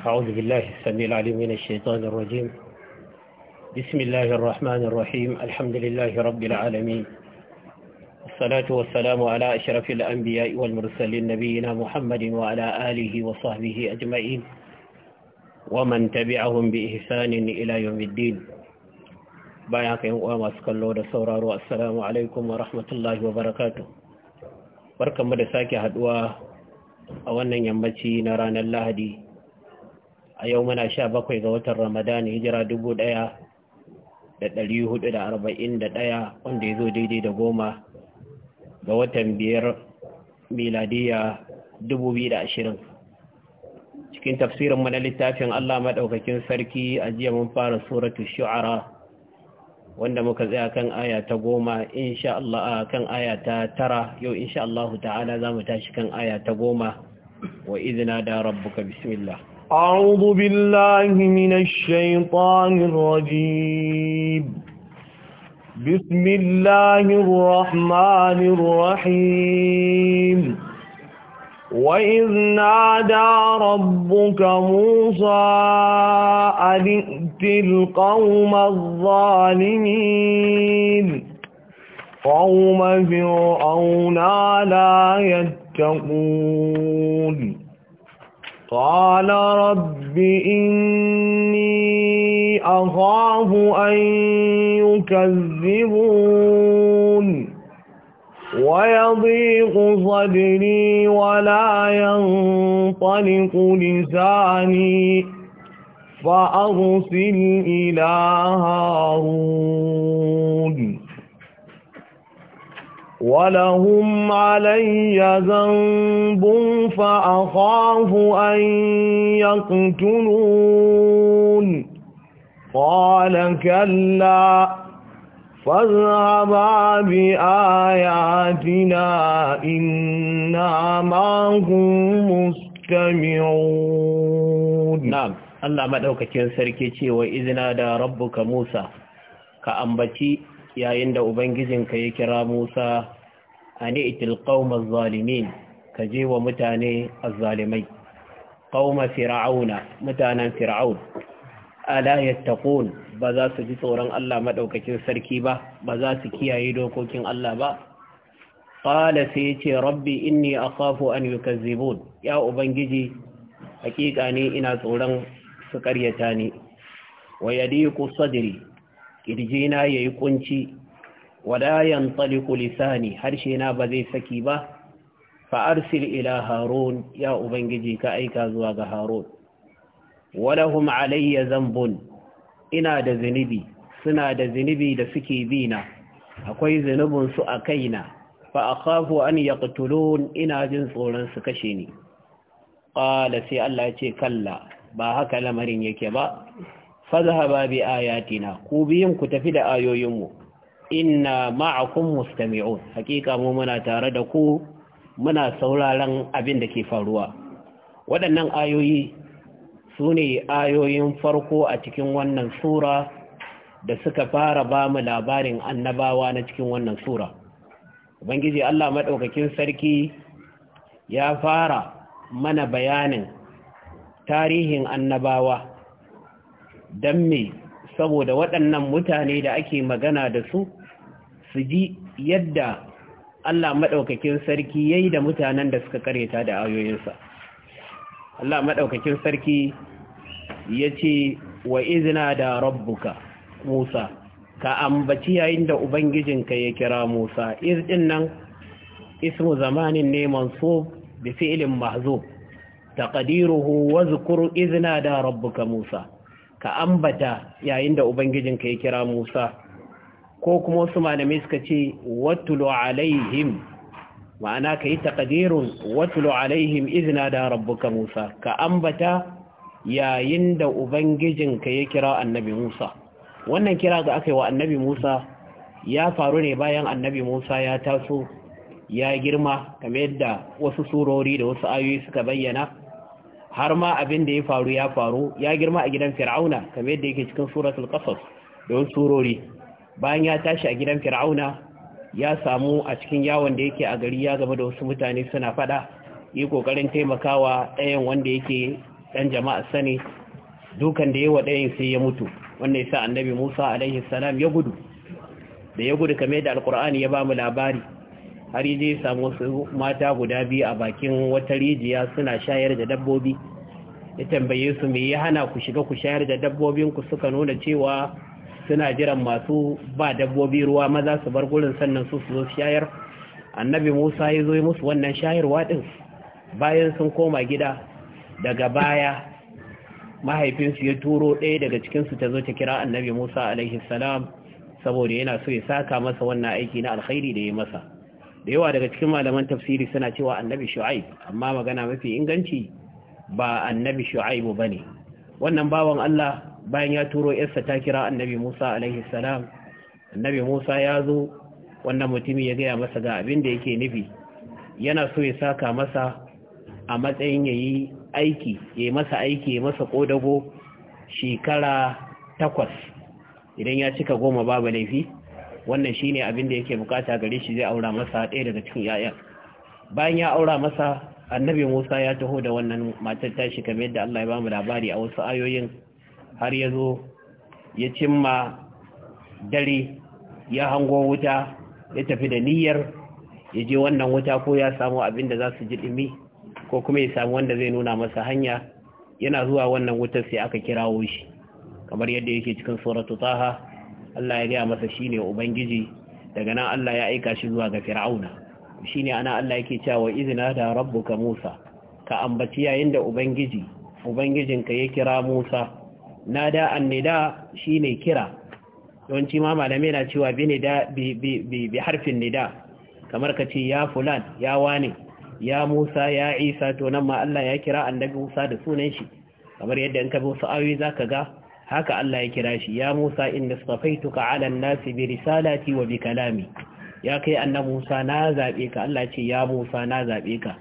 أعوذ بالله السميع العليم من الشيطان الرجيم بسم الله الرحمن الرحيم الحمد لله رب العالمين الصلاة والسلام على أشرف الأنبياء والمرسلين نبينا محمد وعلى آله وصحبه أجمعين ومن تبعهم بإحسان إلى يوم الدين بايعك يوم أسكالو دسورارو السلام عليكم ورحمة الله وبركاته بركة مدساكي هدوى أولا ينبتي نرانا اللهدي a yau muna sha bakwai ga watan ramadan hijira dubu ɗaya da ɗari hudu da arba'in da ɗaya wanda ya zo daidai da goma ga watan biyar miladiya dubu biyu da ashirin cikin tafsirin na littafin allah maɗaukakin sarki a jiya mun fara suratu shu'ara wanda muka tsaya kan aya ta goma insha Allah kan aya ta tara yau insha Allah ta'ala za mu tashi kan aya ta goma wa izina da rabbuka bismillah أعوذ بالله من الشيطان الرجيم بسم الله الرحمن الرحيم وإذ نادى ربك موسى أن ائت القوم الظالمين قوم فرعون لا يتقون قال رب إني أخاف أن يكذبون ويضيق صدري ولا ينطلق لساني فأرسل إلى هارون ولهم علي ذنب فأخاف أن يقتلون قال كلا فاذهبا بآياتنا إنا معكم مستمعون نعم Allah maɗaukakin sarki cewa izina da rabbuka Musa ka ambaci yayin da ubangijinka ya kira Musa ani itil qaumaz zalimin ka je wa mutane zalimai, qauma fir'auna mutanen fir'aun ala yattaqun ba za su ji tsoron Allah madaukakin sarki ba ba za su kiyaye dokokin Allah ba qala sai yace rabbi inni akhafu an yukazzibun ya ubangiji hakika ne ina tsoron su karyata ni wa sadri kirjina ya yi kunci wadayan taliku lisani harshe na ba zai saki ba fa'arsil ila harun ya ubangiji ka aika zuwa ga harun Walahum alayya zambun ina da zunubi suna da zunubi da suke bina akwai zunubinsu a kaina fa akhafu an yaqtulun ina jin tsoron su kashe ni qala sai Allah ya ce kalla ba haka lamarin yake ba fadhhaba bi ayatina ku biyin ku tafi da ayoyinmu inna ma'akum mustami'un hakika mu muna tare da ku muna sauraron abin da ke faruwa waɗannan ayoyi su ne ayoyin farko a cikin wannan sura da suka fara ba mu labarin annabawa na cikin wannan sura ubangiji Allah maɗaukakin sarki ya fara mana bayanin tarihin annabawa don me saboda waɗannan mutane da ake magana da su su ji yadda Allah maɗaukakin sarki ya da mutanen da suka karyata da ayoyinsa Allah maɗaukakin sarki ya ce wa izina da rabbuka musa ka ambaci yayin da ubangijinka ya kira musa izin nan ismu zamanin ne mansub bi fi'ilin mahzub taqdiruhu wa zkur izina da rabbuka musa ka ambata yayin da ubangijinka ya kira Musa ko kuma wasu malamai suka ce watulu alaihim ma'ana ka yi taqdirun watulu alaihim izina da rabbuka Musa ka ambata yayin da ubangijinka ya kira annabi Musa wannan kira ga aka yi wa annabi Musa ya faru ne bayan annabi Musa ya taso ya girma kamar yadda wasu surori da wasu ayoyi suka bayyana har ma abin da ya faru ya faru ya girma a gidan fir'auna kamar yadda yake cikin suratul qasas don surori bayan ya tashi a gidan fir'auna ya samu a cikin yawon da yake a gari ya gaba da wasu mutane suna fada yi kokarin taimakawa ɗayan wanda yake ɗan jama'a sani dukan da yawa ɗayan sai ya mutu wanda yasa annabi Musa alaihi salam ya gudu da ya gudu kamar yadda alqur'ani ya ba mu labari har yi samu su mata guda biyu a bakin wata rijiya suna shayar da dabbobi ya tambaye su mai ya hana ku shiga ku shayar da dabbobinku suka nuna cewa suna jiran masu ba dabbobi ruwa maza su bar gurin sannan su su zo shayar annabi musa ya zo musu wannan shayarwa din bayan sun koma gida daga baya mahaifinsu ya turo ɗaya daga cikinsu ta zo ta kira annabi musa alaihi salam saboda yana so ya saka masa wannan aiki na alkhairi da ya masa da yawa daga cikin malaman tafsiri suna cewa annabi shu'aib amma magana mafi inganci ba annabi shu'aib ba ne. wannan bawan Allah bayan ya turo yarsa ta kira annabi Musa alaihi salam annabi Musa ya zo wannan mutumi ya gaya masa ga abin da yake nufi yana so ya saka masa a matsayin yayi aiki ya masa aiki ya masa kodago shekara takwas idan ya cika goma babu laifi wannan shi ne abin da yake bukata gare shi zai aura masa ɗaya daga cikin yayan bayan ya aura masa annabi Musa ya taho da wannan matar tashi kamar yadda Allah ya bamu labari a wasu ayoyin har ya zo ya cimma dare ya hango wuta ya tafi da niyyar ya je wannan wuta ko ya samu abin da za su ji ɗumi ko kuma ya samu wanda zai nuna masa hanya yana zuwa wannan wutar sai aka kirawo shi kamar yadda yake cikin suratu taha Allah ya gaya masa shine ubangiji daga nan Allah ya aika shi zuwa ga fir'auna shine ana Allah yake cewa izina da rabbuka Musa ka ambaci yayin da ubangiji Ubangijin ka ya kira Musa nada annida shine kira yawanci ma malamai na cewa bi nida bi harfin nida kamar ka ce ya fulan ya wane ya Musa ya Isa to nan ma Allah ya kira annabi Musa da sunan shi kamar yadda in ka bi wasu za ka ga haka Allah ya kira shi ya Musa inna safaituka ala nasi bi risalati wa bi kalami ya kai annabi Musa na zabe ka Allah ce ya Musa na zabe ka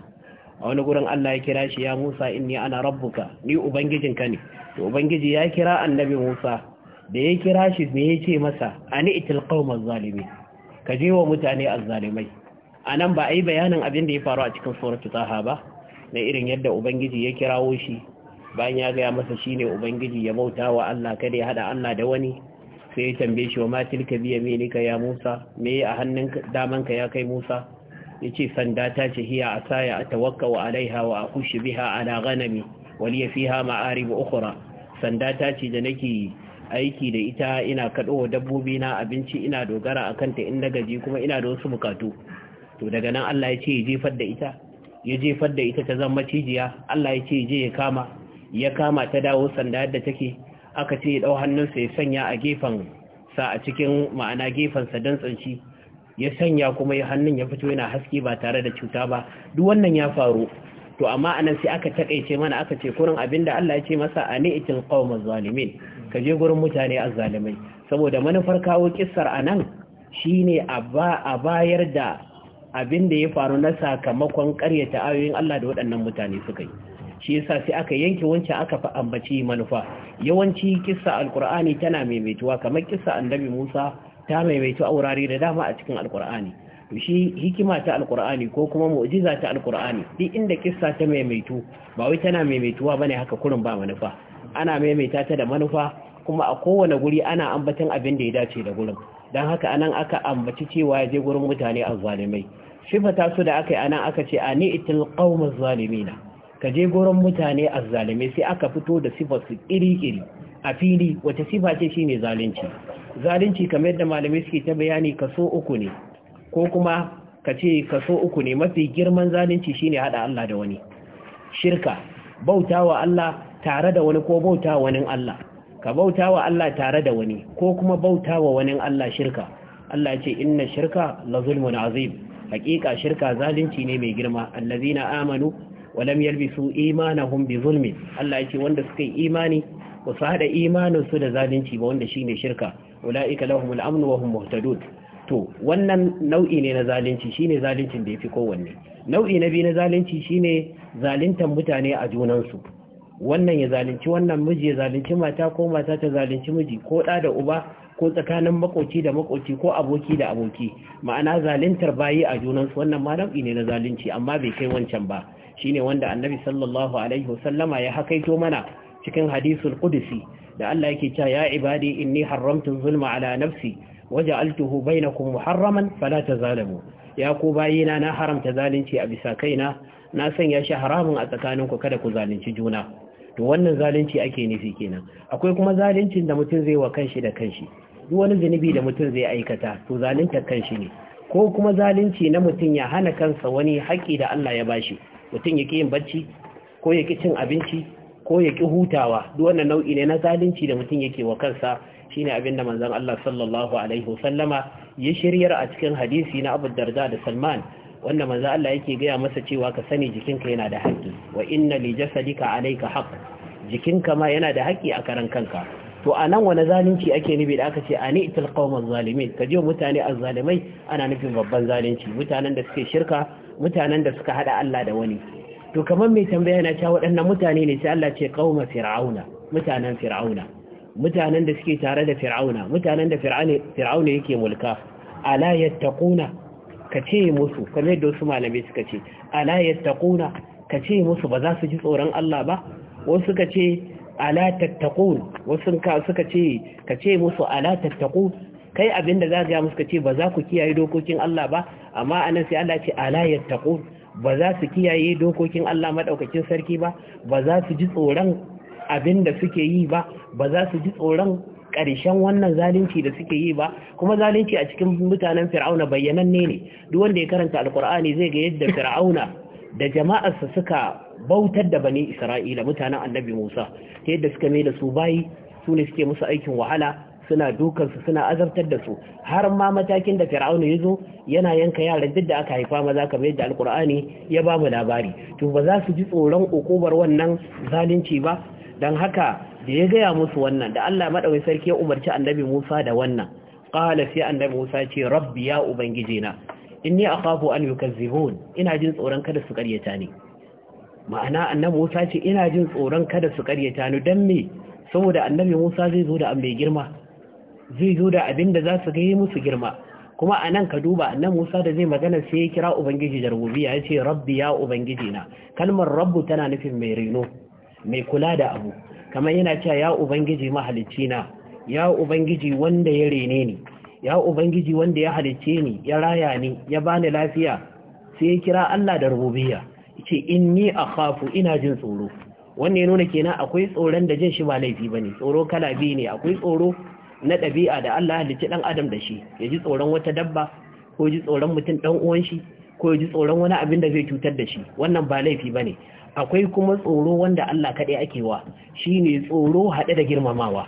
a wani gurin Allah ya kira shi ya Musa inni ana rabbuka ni Ubangijin ka ne to ubangiji ya kira annabi Musa da ya kira shi me yake masa ani itil qaumaz zalimin ka je wa mutane azzalimai anan ba ai bayanin abin da ya faru a cikin suratul taha ba na irin yadda ubangiji ya kirawo shi bayan ya gaya masa shine ubangiji ya bauta wa Allah kada ya hada Allah da wani sai ya tambaye shi wa ma tilka bi yaminika ya Musa me a hannun daman ka ya kai Musa yace sanda ta ce hiya tawakka wa alaiha wa kushi biha ala ghanami waliya fiha ma'arib ukura. sanda ta ce da nake aiki da ita ina kaɗowa dabbobi na abinci ina dogara a kanta in na gaji kuma ina da wasu bukatu to daga nan Allah ya ce ya jefar da ita ya jefar da ita ta zama cijiya Allah ya ce je ya kama ya kama ta dawo sanda yadda take aka ce ya dau hannunsa ya sanya a gefen sa a cikin ma'ana gefen sa dan tsanci ya sanya kuma ya hannun ya fito yana haske ba tare da cuta ba duk wannan ya faru to amma anan sai aka takaice mana aka ce kurin abinda Allah ya ce masa ani itil qaumaz zalimin ka je gurin mutane azzalimai saboda manufar kawo kissar anan shine a bayar da abinda ya faru na sakamakon ƙaryata ayoyin Allah da waɗannan mutane suka yi shi yasa sai aka yanke wancan aka fa ambaci manufa yawanci kissa alqur'ani tana maimaituwa kamar kissa annabi Musa ta maimaitu a wurare da dama a cikin alqur'ani to shi hikima ta alqur'ani ko kuma mu'jiza ta alqur'ani duk inda kissa ta maimaitu ba wai tana maimaituwa bane haka kurun ba manufa ana maimaita ta da manufa kuma a kowane guri ana ambatan abin da ya dace da gurin dan haka anan aka ambaci cewa ya je gurin mutane a Shifa sifata su da aka yi anan aka ce a ni itil qaumaz zalimina ka je goron mutane a zalume sai aka fito da sifar su iri-iri a fili wata sifa ce shine zalunci zalunci kamar yadda malamai suke ta bayani kaso uku ne ko kuma ka ce kaso uku ne mafi girman zalunci shine hada Allah da wani shirka bautawa Allah tare da wani ko bautawa wani Allah ka bautawa Allah tare da wani ko kuma bautawa wani Allah shirka Allah ce inna shirka la zulmun azim hakika shirka zalunci ne mai girma allazina amanu walam yalbisu imanahum bi zulmi, Allah ce wanda suka yi imani ko su hada imanin su da zalunci ba wanda shine shirka ulaika lahumul amnu wa hum muhtadun to wannan nau'i ne na zalunci shine zaluncin da yafi kowanne nau'i na biyu na zalunci shine zaluntan mutane a junan su wannan ya zalunci wannan miji ya zalunci mata ko mata ta zalunci miji ko da da uba ko tsakanin makoci da makoci ko aboki da aboki ma'ana zaluntar bayi a junansu wannan ma nau'i ne na zalunci amma bai kai wancan ba shine wanda annabi sallallahu alaihi wasallama ya hakaito mana cikin hadisul qudsi da Allah yake cewa ya ibadi inni haramtu zulma ala nafsi waja'altuhu bainakum muharraman fala tazalamu ya ku bayina na haramta zalunci a bisa kaina na sanya shi haramun a tsakaninku kada ku zalunci juna to wannan zalunci ake nufi kenan akwai kuma zaluncin da mutum zai wa kanshi da kanshi duk wani zunubi da mutum zai aikata to zalunta kanshi ne ko kuma zalunci na mutum ya hana kansa wani haƙi da Allah ya bashi mutum ya ƙi yin bacci ko ya ƙi cin abinci ko ya ƙi hutawa duk wannan nau'i ne na zalunci da mutum yake wa kansa shine abin da manzon Allah sallallahu alaihi wasallama ya shiryar a cikin hadisi na Abu Darda da Salman wanda manzon Allah yake gaya masa cewa ka sani jikinka yana da haƙƙi wa inna li jasadika alayka haqq jikinka ma yana da haƙƙi a karan kanka to a nan wani zalunci ake nufi da aka ce a ni itil qawmal zalimin ka jiwa mutane azzalimai ana nufin babban zalunci mutanen da suke shirka mutanen da suka hada Allah da wani to kamar mai tambaya na cewa waɗannan mutane ne sai Allah ce qauma fir'auna mutanen fir'auna mutanen da suke tare da fir'auna mutanen da fir'auna yake mulka ala yattaquna ka ce musu kamar yadda wasu malamai suka ce ala yattaquna ka ce musu ba za su ji tsoron Allah ba wasu suka ce ala tattaqun wasu suka ce ka ce musu ala tattaqu kai abinda za ga musu ka ce ba za ku kiyaye dokokin Allah ba amma anan sai Allah ce ala ba za su kiyaye dokokin Allah madaukakin sarki ba ba za su ji tsoron abinda suke yi ba ba za su ji tsoron karshen wannan zalunci da suke yi ba kuma zalunci a cikin mutanen fir'auna bayyananne ne duk wanda ya karanta alkur'ani zai ga yadda fir'auna da jama'arsa suka bautar da bani isra'ila mutanen annabi musa ta yadda suka mai da su bayi su ne suke musu aikin wahala suna dukansu suna azabtar da su har ma matakin da fir'auna ya zo yana yanka yaran duk da aka haifa maza kamar da alkur'ani ya ba mu labari to ba za su ji tsoron ukubar wannan zalunci ba don haka da ya gaya musu wannan da allah maɗauki sarki ya umarci annabi musa da wannan ƙala sai annabi musa ce rabbi ya ubangijina inni akhafu an yukazzibun ina jin tsoron kada su karyata ni ma'ana annabi Musa ce ina jin tsoron kada su karyata ni dan me saboda annabi Musa zai zo da an mai girma zai zo da abin da za su gaye musu girma kuma a nan ka duba annabi Musa da zai magana sai ya kira ubangiji da rububiyya ya ce rabbi ya ubangiji na kalmar rabbu tana nufin mai reno mai kula da abu kamar yana cewa ya ubangiji mahalicci na ya ubangiji wanda ya rene ni ya ubangiji wanda ya halicce ni ya raya ni ya bani lafiya sai ya kira Allah da rububiyya yace inni akhafu ina jin tsoro wannan ya nuna kenan akwai tsoron da jin shi ba laifi bane tsoro kala biyu ne akwai tsoro na ɗabi'a da Allah halicce dan adam da shi ya ji tsoron wata dabba ko ji tsoron mutum ɗan uwan shi ko ji tsoron wani abin da zai cutar da shi wannan ba laifi bane akwai kuma tsoro wanda Allah kaɗai ake wa ne tsoro haɗe da girmamawa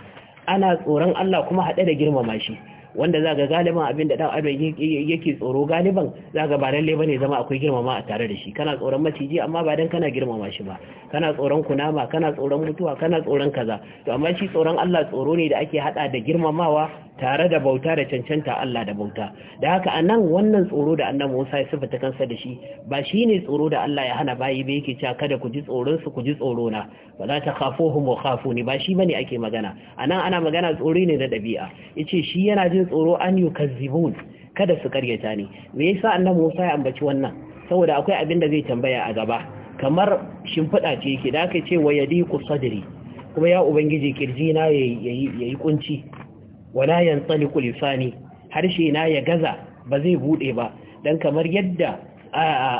ana tsoron Allah kuma haɗe da girmama shi wanda za ga galiban abin da ɗan adam yake tsoro galiban za ga ba lalle ba ne zama akwai girmama a tare da shi kana tsoron maciji amma ba dan kana girmama shi ba kana tsoron kunama kana tsoron mutuwa kana tsoron kaza to amma shi tsoron Allah tsoro ne da ake hada da girmamawa tare da bauta da cancanta Allah da bauta da haka anan wannan tsoro da annabi Musa ya sifata kansa da shi ba shine tsoro da Allah ya hana bayi ba yake cewa kada ku ji tsoron su ku ji tsoro na ba za ta khafuhum wa khafuni ba shi bane ake magana anan ana magana tsori ne da dabi'a yace shi yana jin tsoro an yukazzibun kada su karyata ni me yasa annabi Musa ya ambaci wannan saboda akwai abin da zai tambaya a gaba kamar shimfiɗa ce yake da aka ce wa Ku sadri kuma ya ubangiji kirji na yayi kunci wala yantaliqu lisani harshe na ya gaza ba zai bude ba dan kamar yadda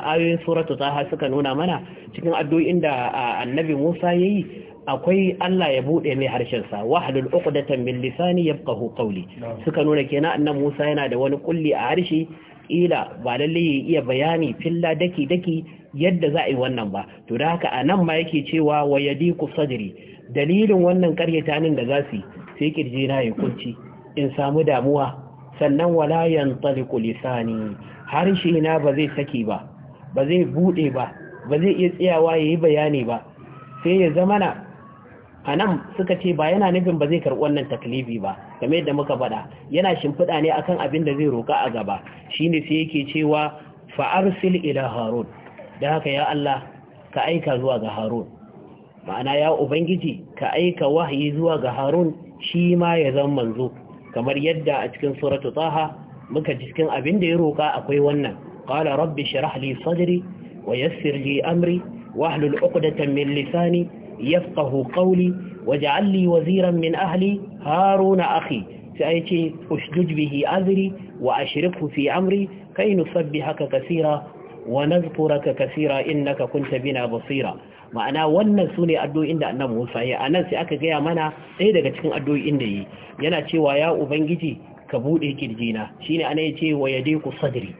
ayoyin suratu taha suka nuna mana cikin addu'o'in da annabi Musa yayi akwai Allah ya bude mai harshen sa wahlul uqdatan min lisani yafqahu qawli suka nuna kenan annabi Musa yana da wani kulli a harshe ila ba lalle ya iya bayani filla daki daki yadda za a yi wannan ba to da haka anan ma yake cewa wayadi sadri dalilin wannan karyatanin da za su yi sai kirji na ya kunci in samu damuwa sannan wala yantaliqu lisani harshe na ba zai saki ba ba zai bude ba ba zai iya tsayawa yayi bayani ba sai ya zama zamana anan suka ce ba yana nufin ba zai karɓi wannan taklifi ba game yadda muka faɗa yana shimfiɗa ne akan abin da zai roka a gaba shine sai yake cewa fa arsil ila harun da haka ya Allah ka aika zuwa ga harun ma'ana ya ubangiji ka aika wahayi zuwa ga harun shi ma ya zama manzo kamar yadda a cikin suratu taha muka ji cikin abin da ya roƙa akwai wannan qala rabbi shrah li sadri wa yassir li amri wahlul 'uqdatan min lisani yafqahu qawli waj'al li waziran min ahli haruna akhi sai ce ushdud bihi azri wa ashrikhu fi amri kai nusabbihaka kaseera wa nazkuraka kaseera innaka kunta bina basira ma'ana wannan sune addu'o'in da Annabi Musa ya anan sai aka gaya mana ɗaya daga cikin addu'o'in da yi yana cewa ya ubangiji ka bude kirjina shine ana yace wa yadiku sadri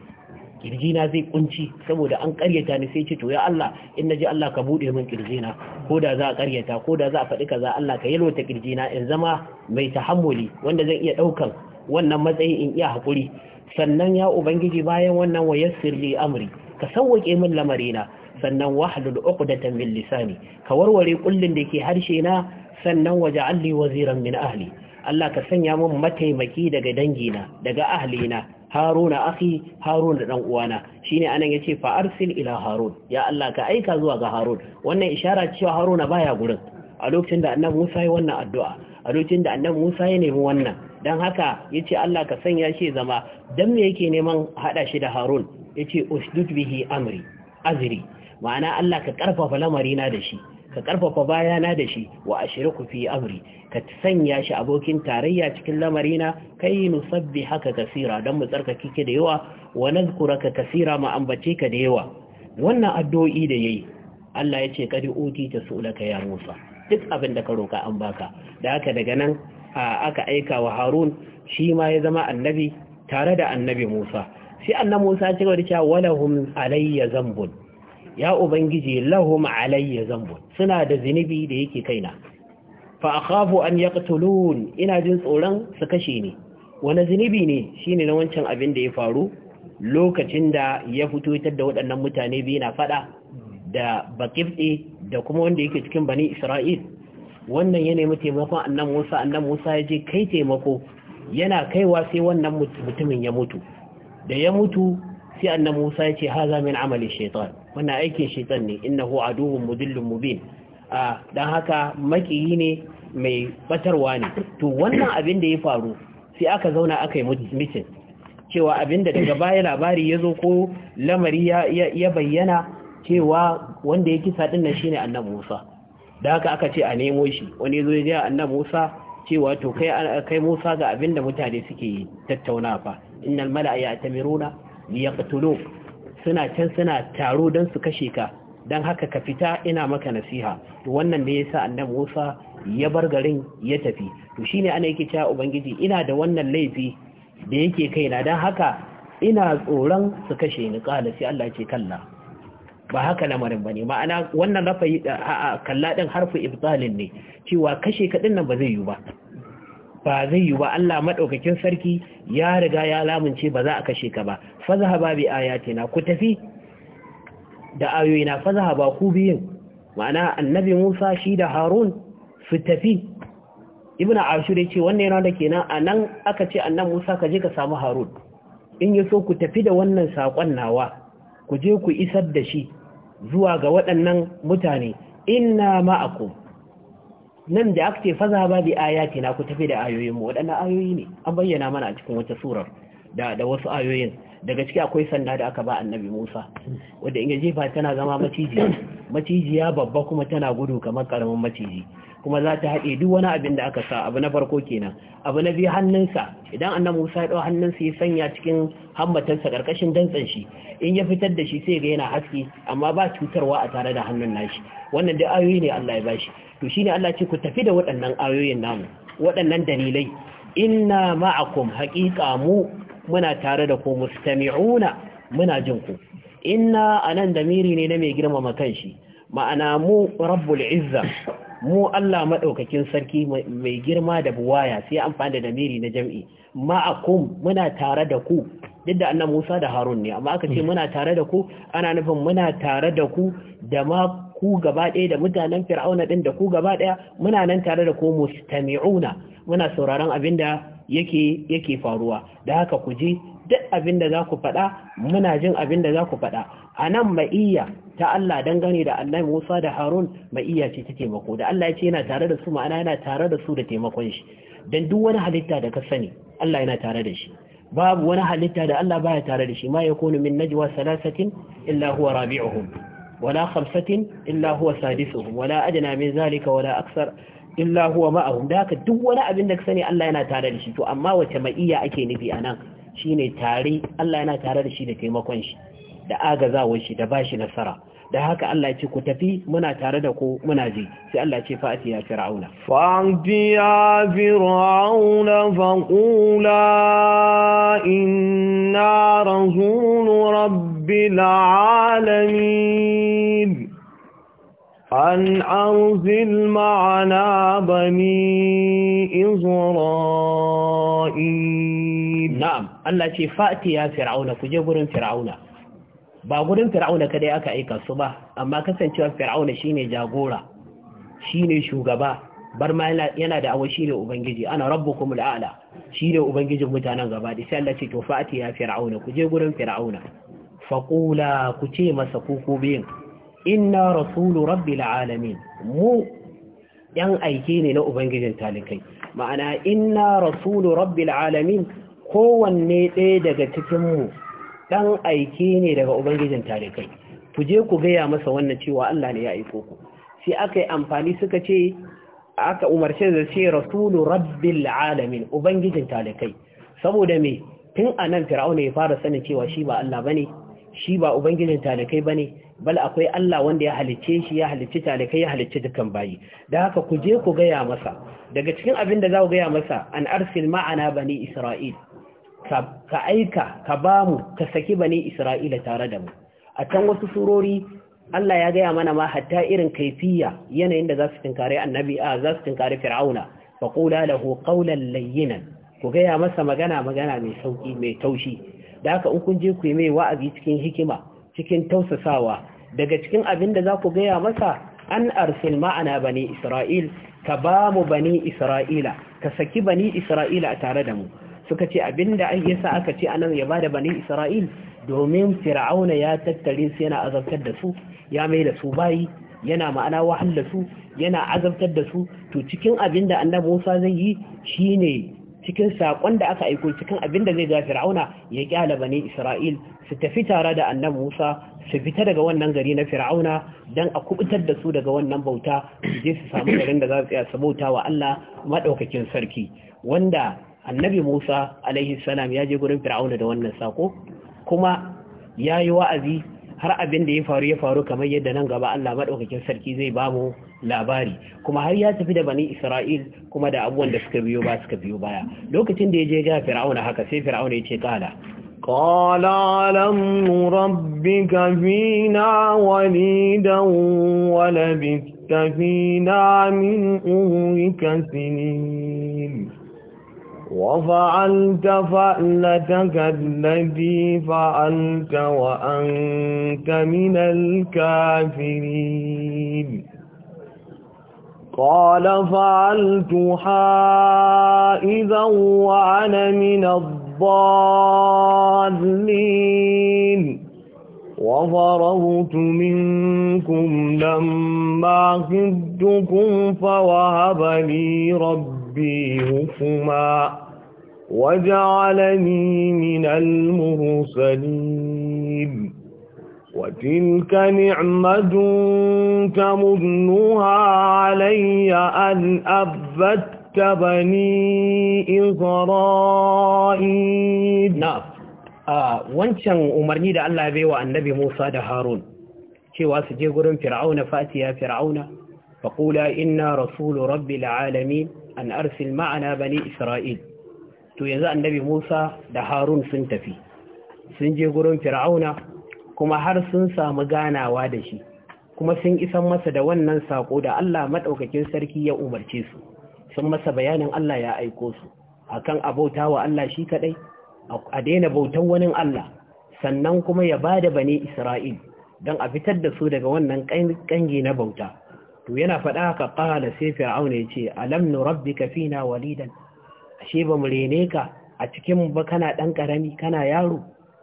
kirjina zai kunci saboda an karyata ni sai ce to ya Allah in naji Allah ka buɗe min kirjina ko da za a karyata ko da za a faɗi kaza Allah ka yalwata kirjina in zama mai tahammuli wanda zan iya ɗaukan wannan matsayin in iya hakuri sannan ya ubangiji bayan wannan wayassir li amri ka sauwake min lamarina sannan wahlul uqdatan min lisani ka warware kullin da ke harshe na sannan waje alli, waziran min ahli Allah ka sanya min mataimaki daga dangina daga ahlina haruna akhi haruna dan uwana shine anan yace fa arsil ila harun ya Allah ka aika zuwa ga harun wannan ishara cewa haruna baya gurin a lokacin da annabi Musa ya wannan addu'a a lokacin da annabi Musa ya nemi wannan dan haka yace Allah ka sanya shi zama dan me yake neman hada shi da harun yace usdud bihi amri azri ma'ana Allah ka karfafa lamari na da shi ka karfafa bayana da shi wa ashriku fi amri ka sanya shi abokin tarayya cikin lamari na, kai haka kasira, dan mu tsarkake ki da yawa wa nazkuraka kaseera ma ambace ka da yawa wannan addu'o'i da yayi Allah yace kadi uti ta sulaka ya Musa duk abin da ka roka an baka da haka daga nan aka aika wa Harun shi ma ya zama annabi tare da annabi Musa sai annabi Musa ya da cewa walahum alayya zambun ya ubangiji lahum alayya zambun suna da zinubi da yake kaina fa akhafu an yaqtulun ina jin tsoron su kashe ni wani zinubi ne shine na wancan abin da ya faru lokacin da ya fito tar da waɗannan mutane biyu na fada da bakifde da kuma wanda yake cikin bani Isra'il wannan ya nemi taimakon annabi Musa annabi Musa ya je kai taimako yana kaiwa sai wannan mutumin ya mutu da ya mutu sai annabi Musa ya ce haza min amali shaytan wannan aikin shaytan ne innahu aduwwun mudillun mubin a dan haka makiyi ne mai batarwa ne to wannan abin da ya faru sai aka zauna aka yi meeting cewa abin da daga baya labari ya zo ko lamari ya bayyana cewa wanda ya kisa din nan shine annabi Musa da haka aka ce a nemo shi wani zo ya ji annabi Musa cewa to kai Musa ga abin da mutane suke tattauna fa innal mala'a ya'tamiruna liyaqtuluk suna can suna taro dan su kashe ka dan haka ka fita ina maka nasiha to wannan ne yasa annabi Musa ya bar garin ya tafi to shine ana yake cewa ubangiji ina da wannan laifi da yake kaina dan haka ina tsoron su kashe ni kala sai Allah ce kalla ba haka lamarin bane ma'ana wannan rafa kalla din harfi ibtalin ne cewa kashe ka din nan ba zai yi ba ba zai yi ba Allah madaukakin sarki ya riga ya lamunce ba za a kashe ka ba fazhaba bi ayatina ku tafi da ayoyina ba ku biyin ma'ana annabi Musa shi da Harun su tafi ibn Ashur ce, wannan yana da kenan anan aka ce Annabi Musa ka je ka samu Harun in ya so ku tafi da wannan sakon nawa ku je ku isar da shi zuwa ga waɗannan mutane inna ma'akum nan da aka ce faza ba bi ayati na ku tafi da ayoyin mu waɗannan ayoyi ne an bayyana mana a cikin wata surar da da wasu ayoyin daga ciki akwai sanda da aka ba annabi Musa wanda in yaje ba tana zama maciji macijiya babba kuma tana gudu kamar karamin maciji kuma za ta haɗe duk wani abin da aka sa abu na farko kenan abu na biyu hannunsa idan annabi Musa ya dau hannunsa ya sanya cikin hammatansa karkashin dantsan shi in ya fitar da shi sai ga yana haske amma ba cutarwa a tare da hannun nashi wannan da ayoyi ne Allah ya bashi to shine Allah ce ku tafi da waɗannan ayoyin namu waɗannan dalilai inna ma'akum haƙiƙa mu muna tare da ku mustami'una muna jin ku inna anan damiri ne na mai girmama shi. ma'ana mu rabbul izza mu Allah madaukakin sarki mai girma da buwaya sai amfani da damiri na jam'i ma'akum muna tare da ku duk da annabi Musa da Harun ne amma aka ce mm. muna tare da ku ana nufin muna tare da ku da ma ku gaba ɗaya da mutanen Fir'auna din da ku gaba ɗaya muna nan tare da ku mustami'una muna sauraron abin da yake yake faruwa da haka ku ji duk abin da za ku faɗa muna jin abin da za ku faɗa a nan ma'iyya ta Allah dangane da Allah Musa da Harun ma'iyya ce ta taimako da Allah ya ce yana tare da su ma'ana yana tare da su da taimakon shi dan duk wani halitta da ka sani Allah yana tare da shi babu wani halitta da Allah baya tare da shi ma yakunu min najwa salasatin illa huwa rabi'uhum wala khamsatin illa huwa sadisuhum wala adna min zalika wala aksar illa huwa ma'ahum da haka duk wani abin da ka sani Allah yana tare da shi to amma wace ma'iyya ake nufi anan shine tare Allah yana tare da shi da taimakon shi da agazawar shi da bashi nasara da haka Allah ya ce ku tafi muna tare da ku muna ji sai Allah ya ce fa'ati ya fir'auna fa'ati ya fir'auna faqula inna rasulu rabbil alamin أن أنزل معنا بني إسرائيل نعم الله ce fati ya fir'auna kuje gurin fir'auna ba gurin fir'auna kadai aka aika su ba amma kasancewa fir'auna shine jagora shine shugaba bar ma yana da awa shine ubangiji ana rabbukumul a'la shine ubangijin mutanen gaba da sai Allah ce to fati ya fir'auna kuje gurin fir'auna ku ce masa kuku biyin inna rasulu rabbil alamin mu yan aike ne na ubangijin talikai ma'ana inna rasulu rabbil alamin kowanne ɗaya daga cikin mu ɗan aike ne daga ubangijin talikai ku je ku gaya masa wannan cewa Allah ne ya aiko ku sai aka yi amfani suka ce aka umarce da ce rasulu rabbil alamin ubangijin talikai saboda me tun anan fir'auna ya fara sanin cewa shi ba Allah bane shi ba ubangijin talikai bane bal akwai Allah wanda ya halicce shi ya halicci talikai ya halicce dukan bayi da haka ku je ku gaya masa daga cikin abin da za ku gaya masa an arsil ma'ana bani isra'il ka aika ka ba mu ka saki bani isra'ila tare da mu a can wasu surori Allah ya gaya mana ma hatta irin kaifiya yanayin da za su tinkare annabi a za su tinkare fir'auna fa qula lahu qawlan layyinan ku gaya masa magana magana mai sauki mai taushi da haka in kun je ku yi mai wa'azi cikin hikima cikin tausasawa daga cikin abin da za ku gaya masa an arsil ma'ana bani isra'il ka ba mu bani isra'ila ka saki bani isra'ila a tare da mu suka ce abin da an yasa aka ce anan ya ba da bani isra'il domin fir'auna ya tattalin su yana azabtar da su ya mai da su bayi yana ma'ana wahal da su yana azabtar da su to cikin abin da annabi Musa zai yi shine cikin saƙon da aka aiko cikin abin da zai ga fir'auna ya kyala ne isra'il su tafi tare da annabi musa su fita daga wannan gari na fir'auna don a kubutar da su daga wannan bauta su je su samu garin da za su tsaya bauta wa allah maɗaukakin sarki wanda annabi musa alaihi salam ya je gurin fir'auna da wannan sako kuma ya yi wa'azi har abin da ya faru ya faru kamar yadda nan gaba Allah maɗaukakin sarki zai ba mu labari kuma har ya tafi da bani Isra'il kuma da abubuwan da suka biyo ba suka biyo baya lokacin da ya je ga Fir'auna haka sai Fir'auna ya ce kala قال علم ربك فينا وليدا ولبثت فينا من أمرك سنين وفعلت فعلتك الذي فعلت وأنت من الكافرين قال فعلت حائذا وأنا من الضالين وفرغت منكم لما خدتكم فوهب لي ربي هكما وجعلني من المرسلين وتلك نعمة تمنها علي أن أبت بني إسرائيل نعم wancan umarni da Allah bai wa annabi Musa da Harun cewa su je gurin Fir'auna fatiya Fir'auna faqula inna rasulu rabbil alamin an arsil ma'ana bani Isra'il to yanzu annabi Musa da Harun sun tafi sun je gurin Fir'auna kuma har sun samu ganawa da shi kuma sun isa masa da wannan sako da Allah madaukakin sarki ya umarce su sun masa bayanin Allah ya aiko su akan abauta wa Allah shi kadai a daina bautan wani Allah sannan kuma ya bada bani Isra'il dan a fitar da su daga wannan kange na bauta to yana faɗa haka qala sai fir'auna yace alam nurabbika fina walidan ashe ba mu rene ka a cikin ba kana ɗan ƙarami kana yaro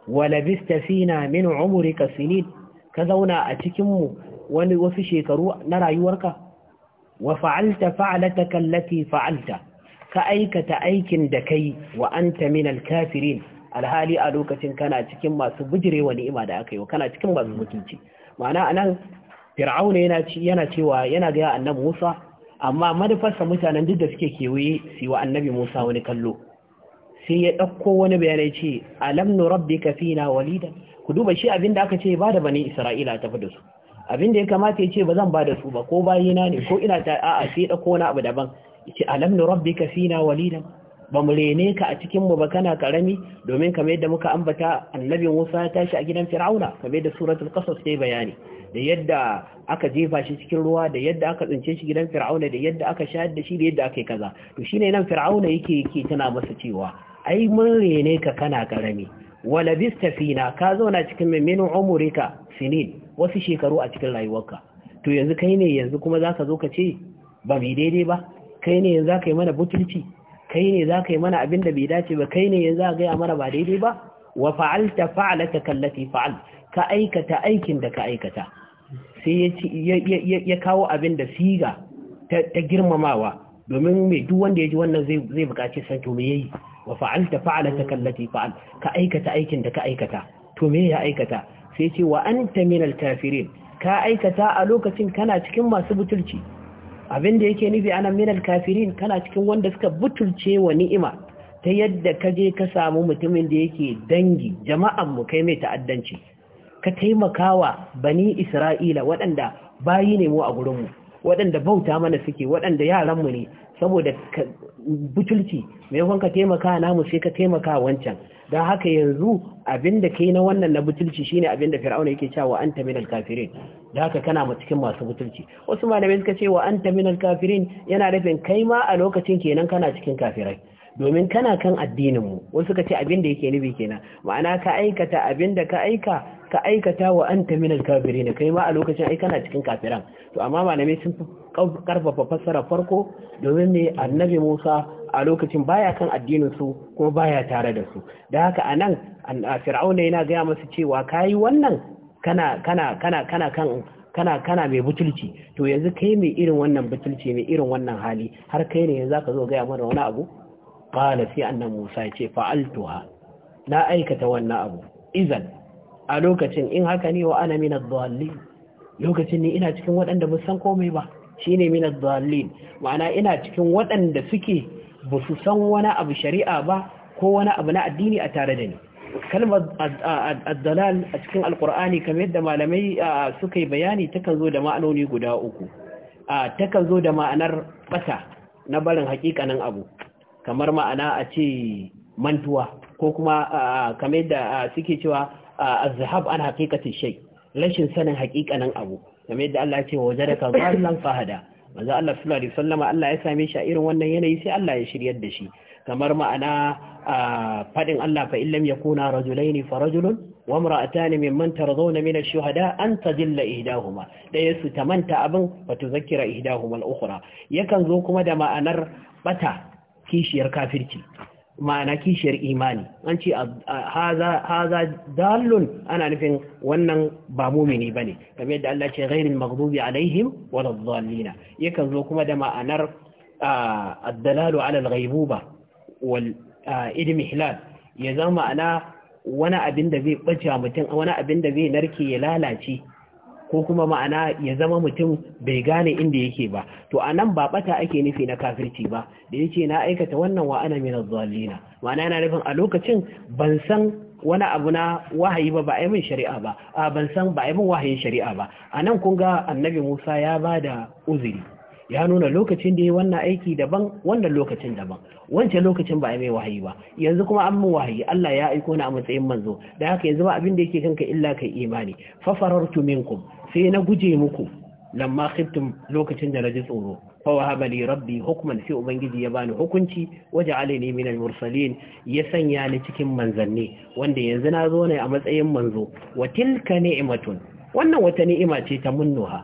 wala bista min umrika sinin ka zauna a cikin mu wani wasu shekaru na rayuwarka wa fa'alta fa'alataka allati fa'alta ka aikata aikin da kai wa anta min kafirin alhali a lokacin kana cikin masu bijirewa ni'ima da aka yi wa kana cikin masu mutunci ma'ana anan fir'auna yana yana cewa yana ga annabi Musa amma manufarsa mutanen duk da suke kewaye su wa annabi musa wani kallo sai ya ɗauko wani bayanai ce alam nu fi fina walida ku duba shi abinda aka ce ba da bani isra'ila tafi da su abinda ya kamata ya ce ba zan ba da su ba ko bayina ne ko ina ta a'a sai ya ɗauko wani abu daban ce alam nu fi fina walida ba mu rene ka a cikin mu ba kana karami domin kamar yadda muka ambata annabi Musa ya tashi a gidan Fir'auna kamar yadda suratul qasas yi bayani da yadda aka jefa shi cikin ruwa da yadda aka tsince shi gidan fir'auna da yadda aka shayar da shi da yadda aka yi kaza to shine nan fir'auna yake yake tana masa cewa ai mun rene ka kana karami wala bista fina ka zauna cikin mimmin umurika sinin wasu shekaru a cikin rayuwarka to yanzu kai ne yanzu kuma zaka zo ka ce ba bi daidai ba kai ne yanzu zaka yi mana butulci kai ne zaka yi mana abin da bai dace ba kai ne yanzu zaka ga mana ba daidai ba wa fa'alta fa'alaka kallati fa'al ka aikata aikin da ka aikata sai ya kawo abin da siga ta girmamawa domin mai duk wanda ya ji wannan zai bukaci san to me yayi wa fa'alta fa'alata kallati fa'al ka aikata aikin da ka aikata to me ya aikata sai ce wa anta minal kafirin ka aikata a lokacin kana cikin masu butulci abin da yake nufi ana minal kafirin kana cikin wanda suka butulce wa ni'ima ta yadda ka je ka samu mutumin da yake dangi jama'an mu kai mai ta'addanci ka taimaka wa bani isra'ila waɗanda bayi ne mu a gurinmu waɗanda bauta mana suke waɗanda yaranmu ne saboda butulci mai ka taimaka namu sai ka taimaka wancan Da haka yanzu abinda kai na wannan na butulci shine abinda fir'auna yake cewa ta minal kafirin da haka kana mu cikin masu butulci wasu malamai suka ce wa ta minal kafirin yana nufin kai ma a lokacin kenan kana cikin kafirai domin kana kan addininmu wasu suka ce abin da yake nufi kenan ma'ana ka aikata abin da ka aika ka aikata wa anta minal kafirin kai ma a lokacin ai kana cikin kafiran to amma malamai sun karfafa fassara farko domin ne annabi Musa a lokacin baya kan addinin su kuma baya tare da su da haka anan fir'auna yana gaya masu cewa kai wannan kana kana kana kana kan kana kana mai butulci to yanzu kai mai irin wannan butulci mai irin wannan hali har kai ne yanzu ka zo gaya mana wani abu kala sai annabi Musa ce ce fa'altuha na aikata wannan abu idan a lokacin in haka ne wa ana minad lokacin ne ina cikin waɗanda ba san komai ba shine minad dhallin ma'ana ina cikin waɗanda suke ba su san wani abu shari'a ba ko wani abu na addini a tare da ni kalmar dalal a cikin alkur'ani kamar yadda malamai suka yi bayani takan zo da ma'anoni guda uku takan zo da ma'anar fata na barin haƙiƙanin abu kamar ma'ana a ce mantuwa ko kuma kamar da suke cewa a zahab an haqiqati shai. rashin sanin haƙiƙanin abu kamar yadda Allah ya ce wajadaka dhallan fahada manzo Allah sallallahu alaihi wasallama Allah ya same shi a irin wannan yanayi sai Allah ya shiryar da shi kamar ma'ana fadin Allah fa illam yakuna rajulaini fa rajulun wa imra'atani mimman tarzawna min ash-shuhada an tadilla ihdahuma daya su tamanta abin fa tuzakkira ihdahuma al-ukhra yakan zo kuma da ma'anar bata kishiyar kafirci ma'ana kishiyar imani an ce haza dalun ana nufin wannan ba mumini ne game yadda Allah ce ghairil maghdubi alaihim waladdallin yakan zo kuma da ma'anar ad Alal ala al-ghaibuba wal ya zama ma'ana wani abin da zai bace mutum wani abin da zai narke ya lalace ko kuma ma'ana ya zama mutum bai gane inda yake ba to anan ba bata ake nufi na kafirci ba da yace na aikata wannan wa ana minaz zalina ma'ana yana nufin a lokacin ban san wani abu na wahayi ba ba shari'a ba a ban san ba a min wahayin shari'a ba anan kun ga annabi Musa ya bada uzuri ya nuna lokacin da ya wannan aiki daban wannan lokacin daban wancan lokacin ba a mai wahayi ba yanzu kuma an min wahayi Allah ya aiko ni a matsayin manzo da haka yanzu ba abin da yake kanka illa kai imani fa farartu minkum sai na guje muku lamma khiftum lokacin da naji tsoro fa wahaba li rabbi hukman sai ubangiji ya bani hukunci waje alaini min mursalin ya sanya ni cikin manzanni wanda yanzu na zo ne a matsayin manzo wa tilka ni'matun wannan wata ni'ima ce ta munnuha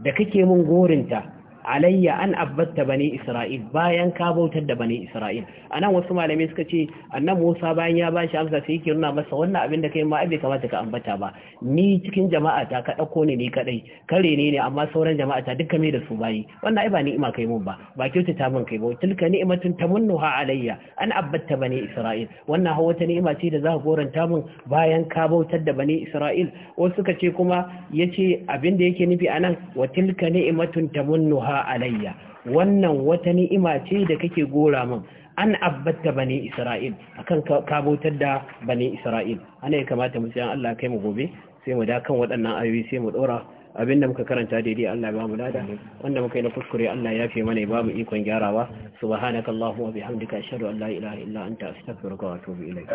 da kake mun gorinta alayya an abbatta bani isra'il bayan ka bautar da bani isra'il anan wasu malamai suka ce annan musa bayan ya bashi amsa sai yake nuna masa wannan abin da kai ma bai kamata ka ambata ba ni cikin jama'a ta ka dauko ne ni kadai kare ne ne amma sauran jama'a ta duka me da su bayi wannan ai ba ni'ima kai mun ba ba kyauta ta mun kai ba tilka ni'matun tamunnuha alayya an abbatta bani isra'il wannan hawa ta ni'ima ce da za ka goranta mun bayan ka bautar da bani isra'il wasu suka ce kuma yace abin da yake nufi anan wa tilka ni'matun tamunnuha amtaha alayya wannan wata ni'ima ce da kake gora min an abbatta bani isra'il akan kabotar da bani isra'il ana ya kamata mu sayan Allah kai mu gobe sai mu da kan waɗannan ayoyi sai mu ɗora da muka karanta daidai Allah ba mu lada wanda muka yi na kuskure Allah ya fi mana babu ikon gyarawa subhanakallahumma bihamdika ashhadu an la ilaha illa anta astaghfiruka wa atubu ilayk